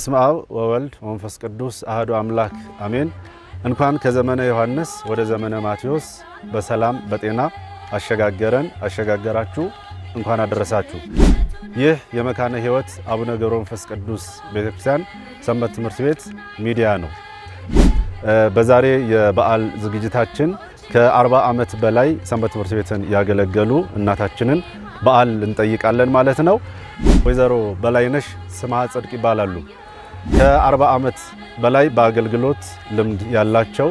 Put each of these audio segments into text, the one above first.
በስመ አብ ወወልድ ወመንፈስ ቅዱስ አህዶ አምላክ አሜን። እንኳን ከዘመነ ዮሐንስ ወደ ዘመነ ማቴዎስ በሰላም በጤና አሸጋገረን አሸጋገራችሁ። እንኳን አደረሳችሁ። ይህ የመካነ ሕይወት አቡነ ገብረ መንፈስ ቅዱስ ቤተክርስቲያን ሰንበት ትምህርት ቤት ሚዲያ ነው። በዛሬ የበዓል ዝግጅታችን ከ40 ዓመት በላይ ሰንበት ትምህርት ቤትን ያገለገሉ እናታችንን በዓል እንጠይቃለን ማለት ነው። ወይዘሮ በላይነሽ ስማ ጽድቅ ይባላሉ። ከ40 ዓመት በላይ በአገልግሎት ልምድ ያላቸው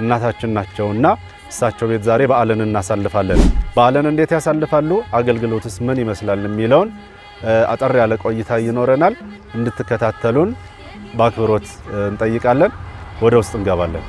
እናታችን ናቸውና እሳቸው ቤት ዛሬ በዓልን እናሳልፋለን። በዓልን እንዴት ያሳልፋሉ፣ አገልግሎትስ ምን ይመስላል የሚለውን አጠር ያለ ቆይታ ይኖረናል። እንድትከታተሉን በአክብሮት እንጠይቃለን። ወደ ውስጥ እንገባለን።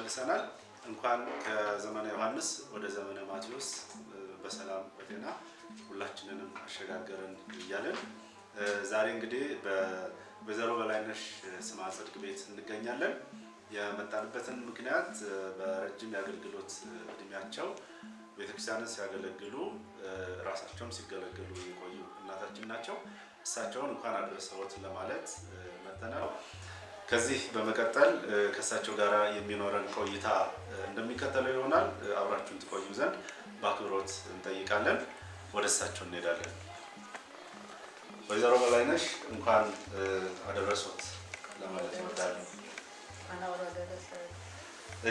ተመልሰናል። እንኳን ከዘመነ ዮሐንስ ወደ ዘመነ ማቴዎስ በሰላም በጤና ሁላችንንም አሸጋገረን እያለን ዛሬ እንግዲህ በወይዘሮ በላይነሽ ስማ ጽድቅ ቤት እንገኛለን። የመጣንበትን ምክንያት በረጅም የአገልግሎት እድሜያቸው ቤተክርስቲያንን ሲያገለግሉ ራሳቸውም ሲገለግሉ የቆዩ እናታችን ናቸው። እሳቸውን እንኳን አድረሰዎት ለማለት መተናል። ከዚህ በመቀጠል ከእሳቸው ጋር የሚኖረን ቆይታ እንደሚከተለው ይሆናል። አብራችሁን ትቆዩ ዘንድ በአክብሮት እንጠይቃለን። ወደ እሳቸው እንሄዳለን። ወይዘሮ በላይነሽ እንኳን አደረሶት ለማለት ይወዳሉ።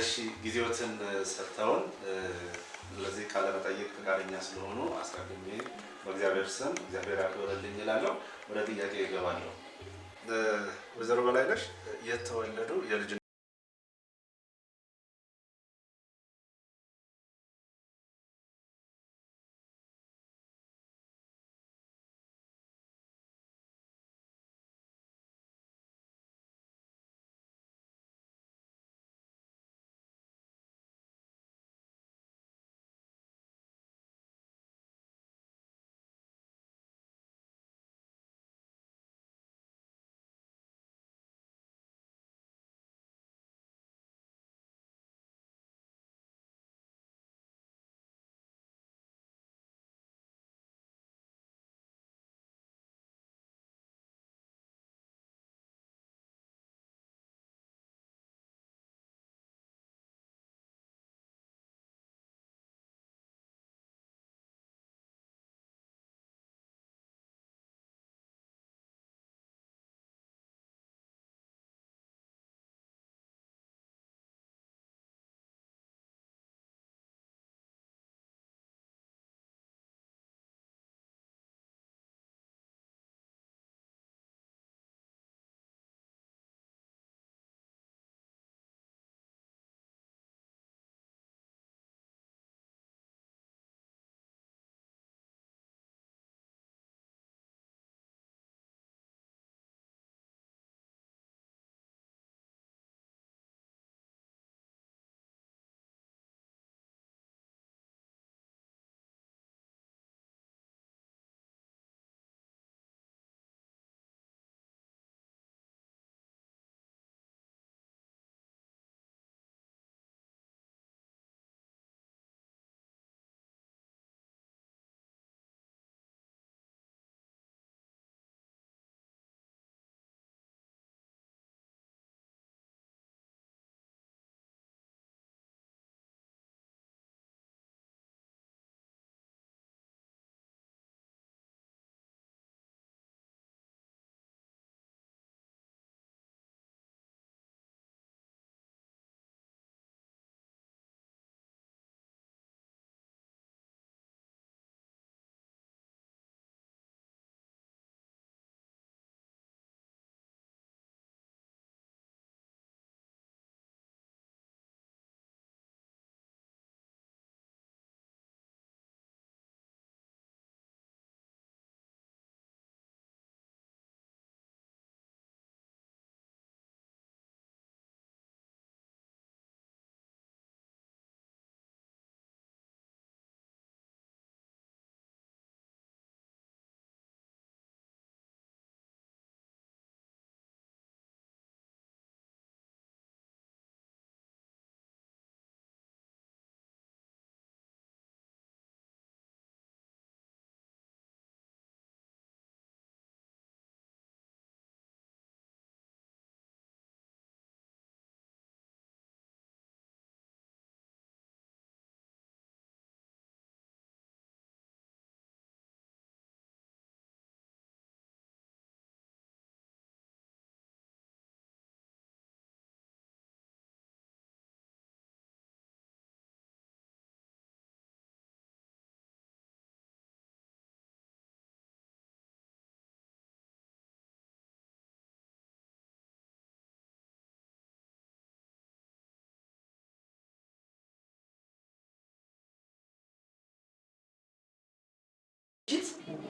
እሺ ጊዜዎትን ሰጥተውን ለዚህ ቃለ መጠይቅ ፈቃደኛ ስለሆኑ አስቀድሜ በእግዚአብሔር ስም እግዚአብሔር ያክብርልኝ እላለሁ። ወደ ጥያቄ ይገባለሁ። ወይዘሮ በላይነሽ የተወለዱ የልጅ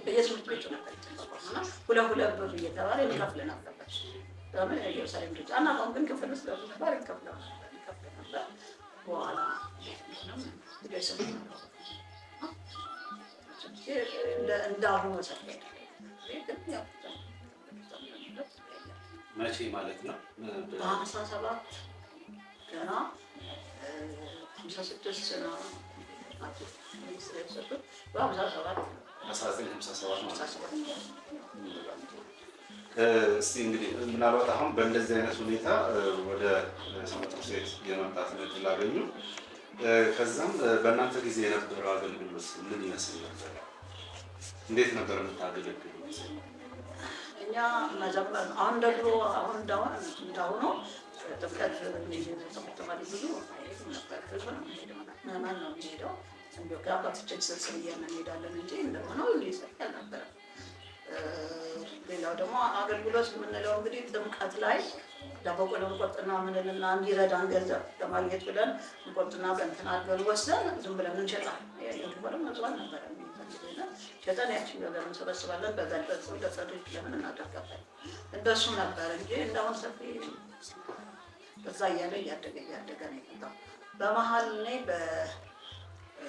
በየትምህርት ቤቱ ነበር ሁለ ሁለ ብር እየተባለ እንከፍል ነበር። ለምን ኢየሩሳሌም ልጅ አናውቅም፣ ግን ክፍል ውስጥ ለብዙ ነበር እንከፍል ነበር። በኋላ እንዳሁኑ መሰለ መቼ ማለት ነው? በሀምሳ ሰባት ገና ሀምሳ ስድስት ነው በሀምሳ ሰባት እስቲ እንግዲህ ምናልባት አሁን በእንደዚህ አይነት ሁኔታ ወደ ሴት የመምጣት እድል አገኙ። ከዛም በእናንተ ጊዜ የነበረው አገልግሎት ምን ይመስል ነበር? እንዴት ነበር እኛ መጀመር አሁን ደግሞ አሁን እንዳሁን እንዳሁኑ ጥምቀት ተማሪ ብዙ ነበር። ነው የሚሄደው ከአባቶቻችን ስር ስር እየምንሄዳለን እንጂ እንደሆነው ሊሰይ አልነበረም። ሌላው ደግሞ አገልግሎት የምንለው እንግዲህ ጥምቀት ላይ ለበቆሎ እንቆርጥና ምንልና እንዲረዳን ገንዘብ ለማግኘት ብለን እንቆርጥና በእንትን አድርገን ወስደን ዝም ብለን እንሸጣል። የሆነም መጽዋል ነበረ ሸጠን ያችን ነገር እንሰበስባለን። በዛበት ለጸዶች ለምን እናደርጋለን። እንደሱ ነበር እንጂ እንደሁን ሰፊ በዛ እያለ እያደገ እያደገ ነው የመጣው በመሀል እኔ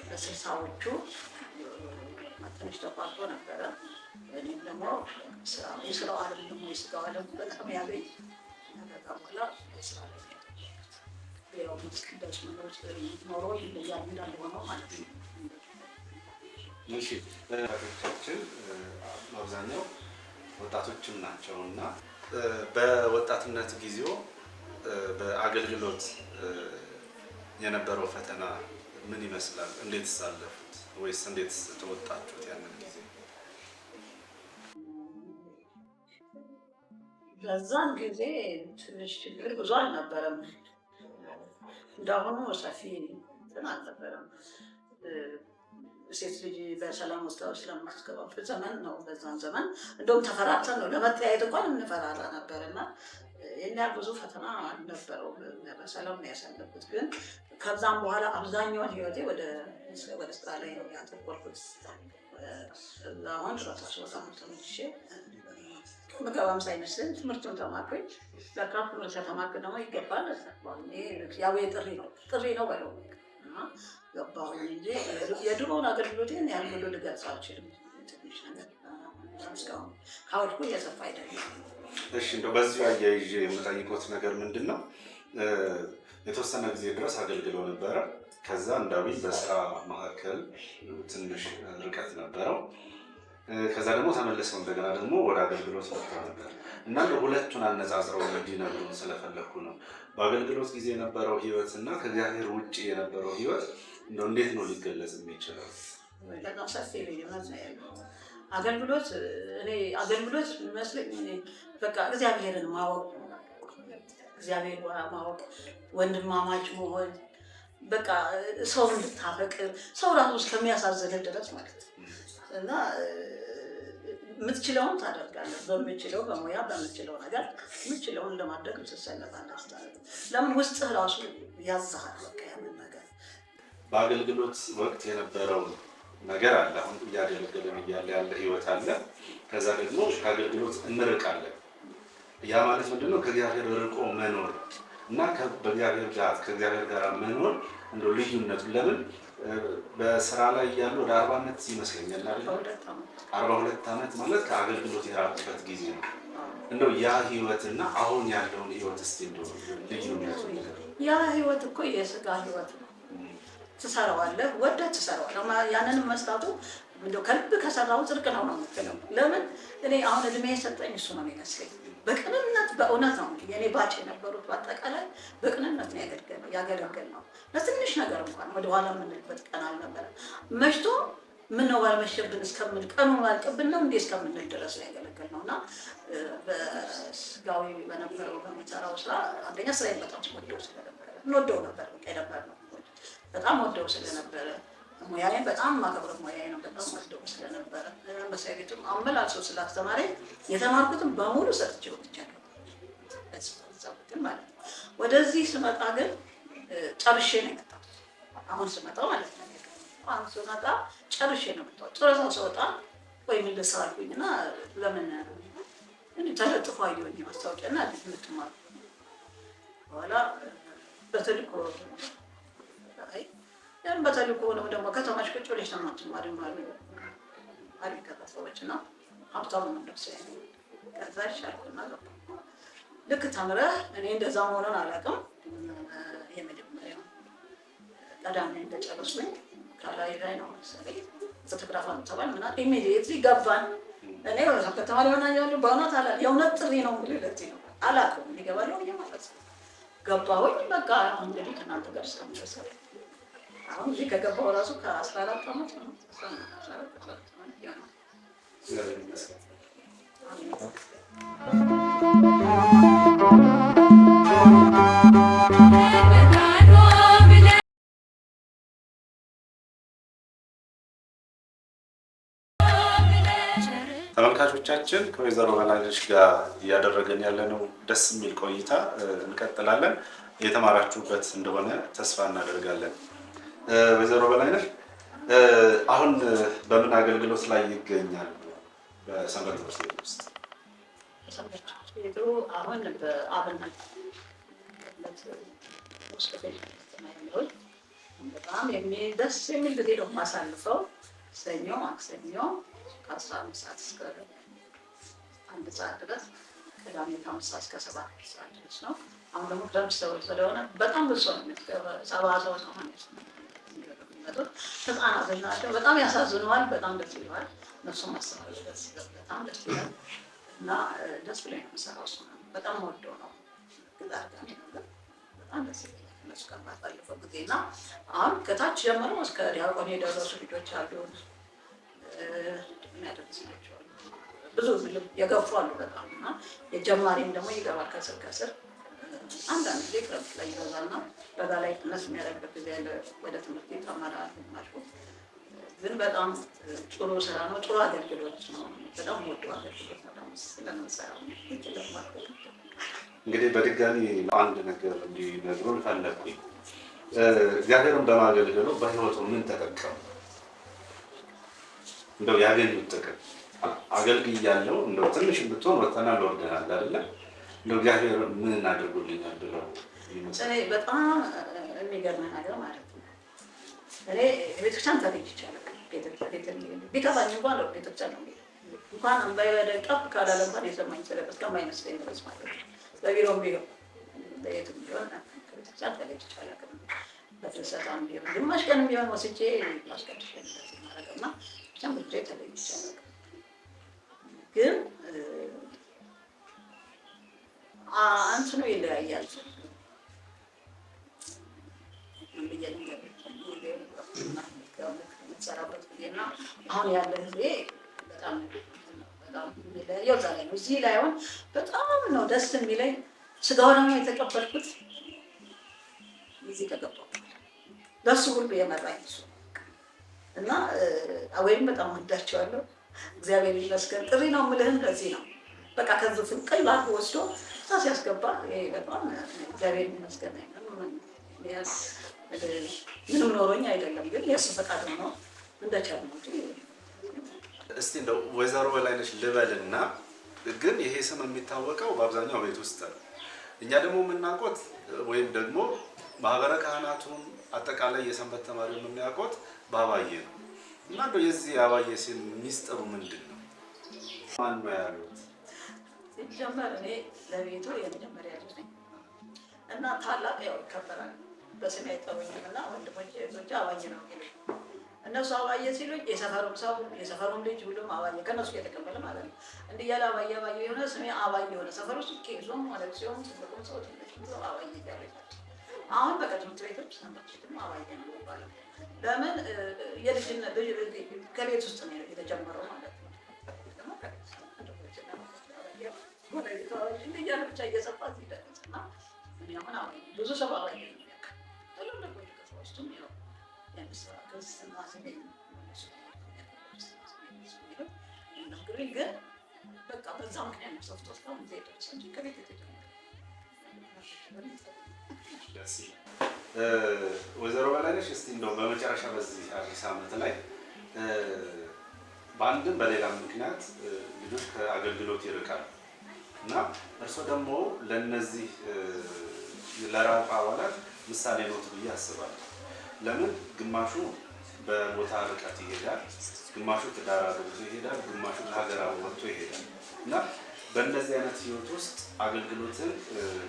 በስልሳዎቹ ትንሽ ተቋርጦ ነበረ። እኔም ደግሞ የስራው ደግሞ የስጋው በጣም ያው ኖሮ ይለያል እንዳለ ማለት ነው። እሺ ቶቻችን አብዛኛው ወጣቶችም ናቸው እና በወጣትነት ጊዜው በአገልግሎት የነበረው ፈተና ምን ይመስላል? እንዴት ሳለፉት ወይስ እንዴት ተወጣችሁት ያንን ጊዜ? በዛን ጊዜ ትንሽ ችግር ብዙ አልነበረም። እንዳሁኑ ሰፊ እንትን አልነበረም። ሴት ልጅ በሰላም ወስዳዎች ስለማስገባበት ዘመን ነው። በዛን ዘመን እንደውም ተፈራርተን ነው ለመተያየት እንኳን እንፈራራ ነበር እና የኛ ብዙ ፈተና አልነበረው። በሰላም ነው ያሳለፉት ግን ከዛም በኋላ አብዛኛውን ህይወቴ ወደ ስራ ላይ ነው ያተኮርኩት። አሁን ምገባም ሳይመስል ትምህርቱን ተማርኩኝ። በቃ ተማርክ ደግሞ ይገባል። ያው የጥሪ ነው ጥሪ ነው በለው እና ገባሁ እንጂ የድሮውን አገልግሎቴን ያን ብሎ ልገልጽ አልችልም። ካወድኩ እየሰፋ አይደለም። እሺ እንደው በዚሁ አያይዤ የምጠይቆት ነገር ምንድን ነው የተወሰነ ጊዜ ድረስ አገልግለው ነበረ። ከዛ እንዳዊ በስራ መካከል ትንሽ ርቀት ነበረው። ከዛ ደግሞ ተመልሰው እንደገና ደግሞ ወደ አገልግሎት መጥተው ነበር እና ሁለቱን አነጻጽረው እንዲነግሩን ስለፈለግኩ ነው። በአገልግሎት ጊዜ የነበረው ህይወት እና ከእግዚአብሔር ውጭ የነበረው ህይወት እንደው እንዴት ነው ሊገለጽ የሚችለው? አገልግሎት እኔ አገልግሎት የሚመስለኝ በቃ እግዚአብሔርን ማወቅ እግዚአብሔር ማወቅ፣ ወንድማማች መሆን በቃ ሰው እንድታፈቅር ሰው ራሱ እስከሚያሳዝን ድረስ ማለት እና የምትችለውን ታደርጋለህ። በምችለው በሙያ በምችለው ነገር የምችለውን ለማድረግ ምትሰለፍ አናስታለ ለምን ውስጥ ራሱ ያዛሃል። በቃ ያንን ነገር በአገልግሎት ወቅት የነበረው ነገር አለ። አሁን እያገለገለን እያለ ያለ ህይወት አለ። ከዛ ደግሞ ከአገልግሎት እንርቃለን ያ ማለት ምንድን ነው? ከእግዚአብሔር ርቆ መኖር እና በእግዚአብሔር ጋር ከእግዚአብሔር ጋር መኖር እንደ ልዩነቱ ለምን በስራ ላይ ያሉ ወደ አርባ ዓመት ይመስለኛል አይደል? አርባ ሁለት ዓመት ማለት ከአገልግሎት የራቁበት ጊዜ ነው። እንደው ያ ህይወትና አሁን ያለውን ህይወት እስቲ እንደው ልዩነቱ ያ ህይወት እኮ የስጋ ህይወት ነው። ትሰራዋለህ፣ ወደ ትሰራዋለህ። ያንንም መስራቱ እንደው ከልብ ከሰራው ጽድቅ ነው ነው የምትለው። ለምን እኔ አሁን እድሜ የሰጠኝ እሱ ነው የሚመስለኝ በቅንነት በእውነት ነው የኔ ባጭ የነበሩት በአጠቃላይ በቅንነት ነው ያገለገል ያገለገል ነው። ለትንሽ ነገር እንኳን ወደኋላ የምንልበት ቀን አልነበረ። መሽቶ ምነው ባልመሸብን እስከምን ቀኑ አልቅብን ነው እንዲ እስከምንል ድረስ ነው ያገለገል ነው እና በስጋዊ በነበረው በምሰራው ስራ አንደኛ ስራ በጣም ወደው ስለነበረ እንወደው ነበር የነበር ነው በጣም ወደው ስለነበረ ሙያዬን በጣም ማከብረት ሙያዬ ነው። በጣም ወስደው ስለነበረ መስሪያ ቤቱም አመላልሶ ስላስተማረኝ የተማርኩትን በሙሉ ሰጥቼ ወጥቻለሁ። ግን ማለት ነው ወደዚህ ስመጣ ግን ጨርሼ ነው የመጣሁት። አሁን ስመጣ ማለት ነው አሁን ስመጣ ጨርሼ ነው የመጣሁት። ጨረሳ ስወጣ ወይም ምን ልስራ አልኩኝና ለምን ተለጥፎ አየሁኝ ማስታወቂያና ልትማር በኋላ በተልእኮ ያን በተልእኮ ከሆነ ደግሞ ከተማሽ ቁጭ ብለሽ ተማችን ማድን ባሉ አሪፍ ሰዎች እና ሀብታሙ መንደርሰ ከዛ ይሻልኩና ገባ። ልክ ተምረህ እኔ እንደዛ መሆኑን አላውቅም። የመጀመሪያው ቀዳሚ እንደጨረስኩኝ ካላይ ላይ ነው መሰለኝ ፎቶግራፍ ተባል ምና ኢሚዲየትሊ ገባን። እኔ ከተማ ሊሆና ያሉ በእውነት አላ የእውነት ጥሪ ነው ምልለት ነው አላውቅም። ሊገባለሁ ብዬ ማለት ነው ገባሁኝ። በቃ እንግዲህ ከእናንተ ጋር ስለምሰሰለኝ አሁን እዚህ ከገባሁ ራሱ ከአስራ አራት ዓመት ተመልካቾቻችን ከወይዘሮ በላነሽ ጋር እያደረገን ያለነው ደስ የሚል ቆይታ እንቀጥላለን። የተማራችሁበት እንደሆነ ተስፋ እናደርጋለን። ወይዘሮ በላይነሽ አሁን በምን አገልግሎት ላይ ይገኛሉ? በሰንበት ትምህርት ቤት ውስጥ ቤቱ አሁን በአብና በጣም የሚደስ የሚል ጊዜ ነው የማሳልፈው። ሰኞ፣ ማክሰኞ ከአስራ አምስት ሰዓት እስከ አንድ ሰዓት ድረስ ቅዳሜ ከአምስት ሰዓት እስከ ሰባት ሰዓት ድረስ ነው። አሁን ደግሞ ሰዎች ስለሆነ በጣም ብዙ ሰው ነው ሰባ ሰው ነው የሚመለከቱት ህፃናቶች ናቸው። በጣም ያሳዝነዋል። በጣም ደስ ይለዋል። ነፍሱ ማሰራጭ ደስ ይላል። በጣም ደስ ይላል እና ደስ ብሎኝ ነው የምሰራው። እሱ በጣም ወደው ነው በጣም ደስ ይላል። እነሱ ከማሳልፈው ጊዜ እና አሁን ከታች ጀምሮ እስከ ዲያቆን የደረሱ ልጆች አሉ። የሚያደርስ ልጆች አሉ። ብዙ የገፉ አሉ በጣም እና የጀማሪም ደግሞ ይገባል ከስር ከስር አንዳንድ ጊዜ ክረምት ላይ ይበዛና በዛ ላይ መስም ጊዜ ያለ ወደ ትምህርት ቤት ግን በጣም ጥሩ ስራ ነው። ጥሩ አገልግሎት ነው። በጣም አገልግሎት እንግዲህ በድጋሚ አንድ ነገር እንዲነግሩን ፈለግኩኝ። እግዚአብሔርን በማገልገሉ በህይወቱ ምን ተጠቀሙ? እንደው ያገኙት ጥቅም አገልግያለሁ እንደው ትንሽ ብትሆን ወተና ለወደናል አይደለም እንደ እግዚአብሔር ምን እናደርጉልኛል ብለው በጣም የሚገርመ ነገር ማለት ነው። እኔ ቤተክርስቲያን ታገኝ ቢከፋኝ እንኳን ቤተክርስቲያን ነው እንኳን እንባዬ ጠፍ ካላለ እንኳን የሰማኝ ስለ እስከማይመስለኝ ድረስ ማለት ነው። በቢሮም ቢሆን በየትም ቢሆን ቤተክርስቲያን ታገኝ በፍልሰታም ቢሆን ግማሽ ቀንም ቢሆን ወስጄ ማስቀድሸ ማረቅና ብቻ ብዙ ተለይ ይቻላል ግን እንትኑ ይለያያል። ሰራበት ጊዜና አሁን ያለ ጊዜ በጣም በጣም እዛ ላይ ነው። እዚህ ላይ አሁን በጣም ነው ደስ የሚለኝ ስጋው ደግሞ የተቀበልኩት እዚህ ከገባሁ ለእሱ ሁሉ የመራኝ እሱ እና ወይም በጣም ወዳቸዋለሁ። እግዚአብሔር ይመስገን። ጥሪ ነው የምልህም ለዚህ ነው። በቃ ከዚህ ፍቅል ባህ ወስዶ ሲያስገባ በጣም እግዚአብሔር ይመስገን ምንም ኖሮኝ አይደለም፣ ግን የእሱ ፈቃድ ሆኖ እንደቻለ ነው። እስቲ እንደው ወይዘሮ በላይነሽ ልበልና ግን ይሄ ስም የሚታወቀው በአብዛኛው ቤት ውስጥ ነው። እኛ ደግሞ የምናውቆት ወይም ደግሞ ማህበረ ካህናቱን አጠቃላይ የሰንበት ተማሪ የሚያውቆት በአባዬ ነው እና እንደው የዚህ አባዬ ስም ሚስጥሩ ምንድን ነው? ማን ነው ያሉት? ሲጀመር እኔ ለቤቱ የመጀመሪያ ልጅ ነኝ እና ታላቅ ያው ይከበራል። በስሜ አይጠሩኝም እና ወንድሞቼ እህቶቼ አባዬ ነው እነሱ አባዬ ሲሉኝ የሰፈሩም ሰው የሰፈሩም ልጅ ሁሉም አባዬ ከእነሱ እየተቀበለ ማለት ነው። እንዲህ እያለ አባዬ አባዬ የሆነ ስሜ አባዬ የሆነ ሰፈር ውስጥ ቄሱም ወለሲሆም ትልቁም ሰው ትልቁም ሰው አባዬ እያሉ አሁን በቃ ትምህርት ቤቶች ሰንበችትም አባዬ ነው ይባላል። ለምን የልጅነት ከቤት ውስጥ ነው የተጀመረው ማለት ነው። እያለ ብቻ እየጸፋት ይደረስና ምናምን አሁን ብዙ ሰው አባ ግን በቃ በዛ ምክንያት ነው ሰፍቶ እስካሁን ዜዶች እንጂ ከቤት ወይዘሮ በላይነሽ እስቲ እንደው በመጨረሻ በዚህ አዲስ ዓመት ላይ በአንድም በሌላም ምክንያት ልጆች ከአገልግሎት ይርቃሉ። እና እርስዎ ደግሞ ለነዚህ ለራውቅ አባላት ምሳሌ ኖት ብዬ አስባለሁ። ለምን ግማሹ በቦታ ርቀት ይሄዳል፣ ግማሹ ትዳር አግብቶ ይሄዳል፣ ግማሹ ለሀገር ወጥቶ ይሄዳል እና በእንደዚህ አይነት ህይወት ውስጥ አገልግሎትን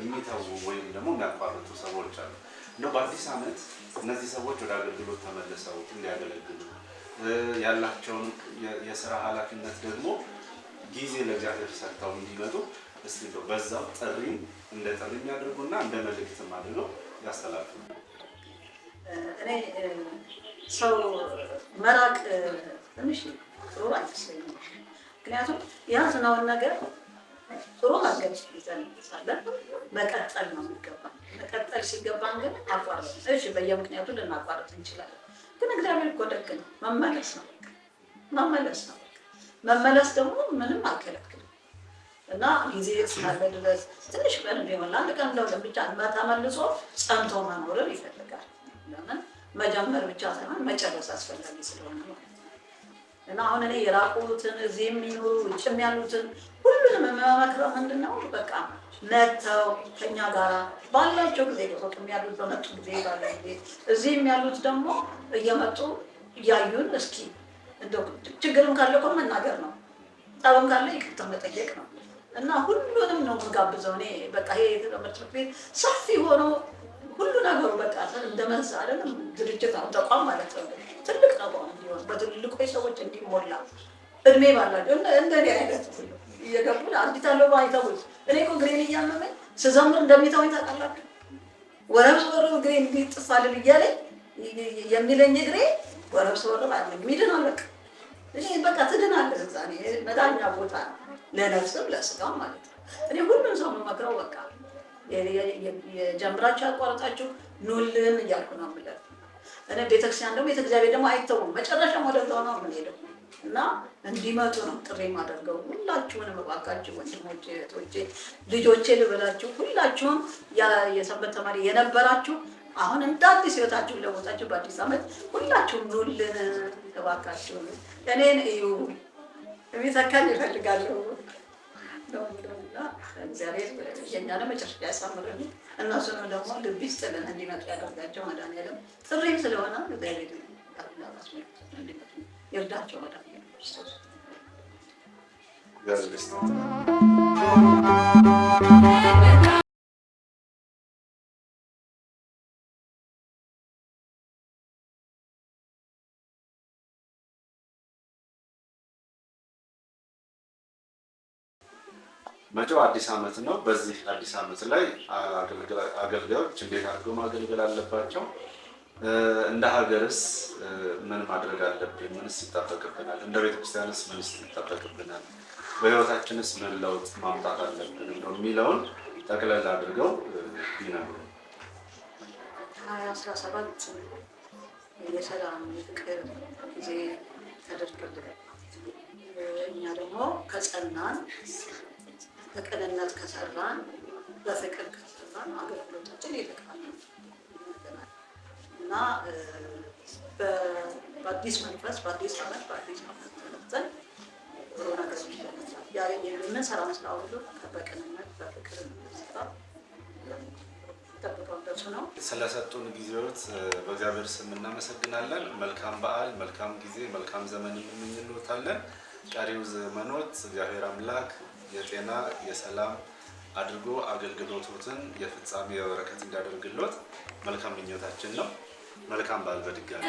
የሚተዉ ወይም ደግሞ የሚያቋርጡ ሰዎች አሉ። እንደው በአዲስ ዓመት እነዚህ ሰዎች ወደ አገልግሎት ተመልሰው እንዲያገለግሉ ያላቸውን የስራ ኃላፊነት ደግሞ ጊዜ ለእግዚአብሔር ሰርተው እንዲመጡ እስቲ እንደው በዛው ጥሪ እንደ ጥሪ የሚያደርጉና እንደ መልእክት አድርገው ያስተላልፉ። እኔ ሰው መራቅ ትንሽ ጥሩ አይመስለኝም። ምክንያቱም የያዝነውን ነገር ጥሩ ሀገር ይዘን ሳለን መቀጠል ነው የሚገባ። መቀጠል ሲገባን ግን አቋርጥ። እሺ በየምክንያቱ ልናቋርጥ እንችላለን፣ ግን እግዚአብሔር እኮ ደግ ነው። መመለስ ነው መመለስ ነው መመለስ ደግሞ ምንም አልከለክልም እና ጊዜ እስካለ ድረስ ትንሽ ቀን ቢሆን አንድ ቀን እንደው ብቻ ተመልሶ ጸንቶ መኖርን ይፈልጋል። ለምን መጀመር ብቻ ሳይሆን መጨረስ አስፈላጊ ስለሆነ ነው። እና አሁን እኔ የራቁትን እዚህ የሚኖሩ ውጭም ያሉትን ሁሉንም የምመክረው ምንድነው በቃ መተው ከኛ ጋር ባላቸው ጊዜ ቁጥ የሚያሉት በመጡ ጊዜ ባለ ጊዜ እዚህም ያሉት ደግሞ እየመጡ እያዩን እስኪ ችግርም ካለ እኮ መናገር ነው፣ ጠብም ካለ ይቅርታ መጠየቅ ነው። እና ሁሉንም ነው የምንጋብዘው። እኔ በቃ ይሄ ትምህርት ቤት ሰፊ ሆኖ ሁሉ ነገሩ በቃ እንደ መልስ አይደለም ድርጅት ነው ተቋም ማለት ነው። ትልቅ ተቋም እንዲሆን በትልልቆ ሰዎች እንዲሞላ እድሜ ባላቸው እንደኔ አይነት እየገቡ አንዲት አበባ አይተውት እኔ እኮ ግሬን እያመመኝ ስዘምር እንደሚተወኝ ታውቃላችሁ። ወረብ ስወረብ ግሬ እንዲጥፋልን እያለኝ የሚለኝ ግሬ ወረብ ስወረብ አለ ሚድን አለቅ በቃ ትድናለህ። እዛ መዳኛ ቦታ ነው ለነፍስም ለስጋም ማለት ነው። እኔ ሁሉም ሰው የምመክረው በቃ የጀምራችሁ ያቋረጣችሁ ኑልን እያልኩ ነው ምለ እኔ ቤተክርስቲያን ደግሞ ቤተእግዚአብሔር ደግሞ አይተውም መጨረሻም ወደ ሆነው የምንሄደው እና እንዲመጡ ነው ጥሪ የማደርገው። ሁላችሁንም እባካችሁ ወንድሞቼ፣ እህቶቼ፣ ልጆቼ ልበላችሁ ሁላችሁም የሰንበት ተማሪ የነበራችሁ አሁን እንደ አዲስ ህይወታችሁ ለወጣችሁ በአዲስ ዓመት ሁላችሁም ኑልን እባካችሁን እኔን እዩ። የሚተካኝ እፈልጋለሁ እግዚአብሔር የኛ ለመጨረሻ ያሳምረን፣ እነሱንም ደግሞ ግቢ ስጥልን እንዲመጡ ያደርጋቸው። መድኃኒዓለም ጥሪም ስለሆነ እግዚአብሔር ይርዳቸው። መድኃኒዓለም ክርስቶስ መጪው አዲስ ዓመት ነው። በዚህ አዲስ ዓመት ላይ አገልጋዮች እንዴት አድርገው ማገልገል አለባቸው? እንደ ሀገርስ ምን ማድረግ አለብን? ምንስ ይጠበቅብናል? እንደ ቤተክርስቲያንስ ምንስ ይጠበቅብናል? በህይወታችንስ ምን ለውጥ ማምጣት አለብን ነው የሚለውን ጠቅለል አድርገው ይነግሩ። ሀያ አስራ ሰባት የሰላም ፍቅር ጊዜ ተደርግልን እኛ ደግሞ ከጸናን በቅንነት ከሰራን፣ በፍቅር ከሰራን አገልግሎታችን ይልቃል እና በአዲስ መንፈስ በአዲስ ዓመት በአዲስ መንፈስ ተነስተን ነገር የምንሰራውን ስራ ሁሉ በቅንነት በፍቅር ሰራ ስለሰጡን ጊዜዎት በእግዚአብሔር ስም እናመሰግናለን። መልካም በዓል፣ መልካም ጊዜ፣ መልካም ዘመን የምንኖታለን። ቀሪው ዘመኖት እግዚአብሔር አምላክ የጤና የሰላም አድርጎ አገልግሎቶትን የፍጻሜ የበረከት እንዲያደርግሎት መልካም ምኞታችን ነው። መልካም በዓል በድጋሚ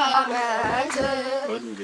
하나만 주.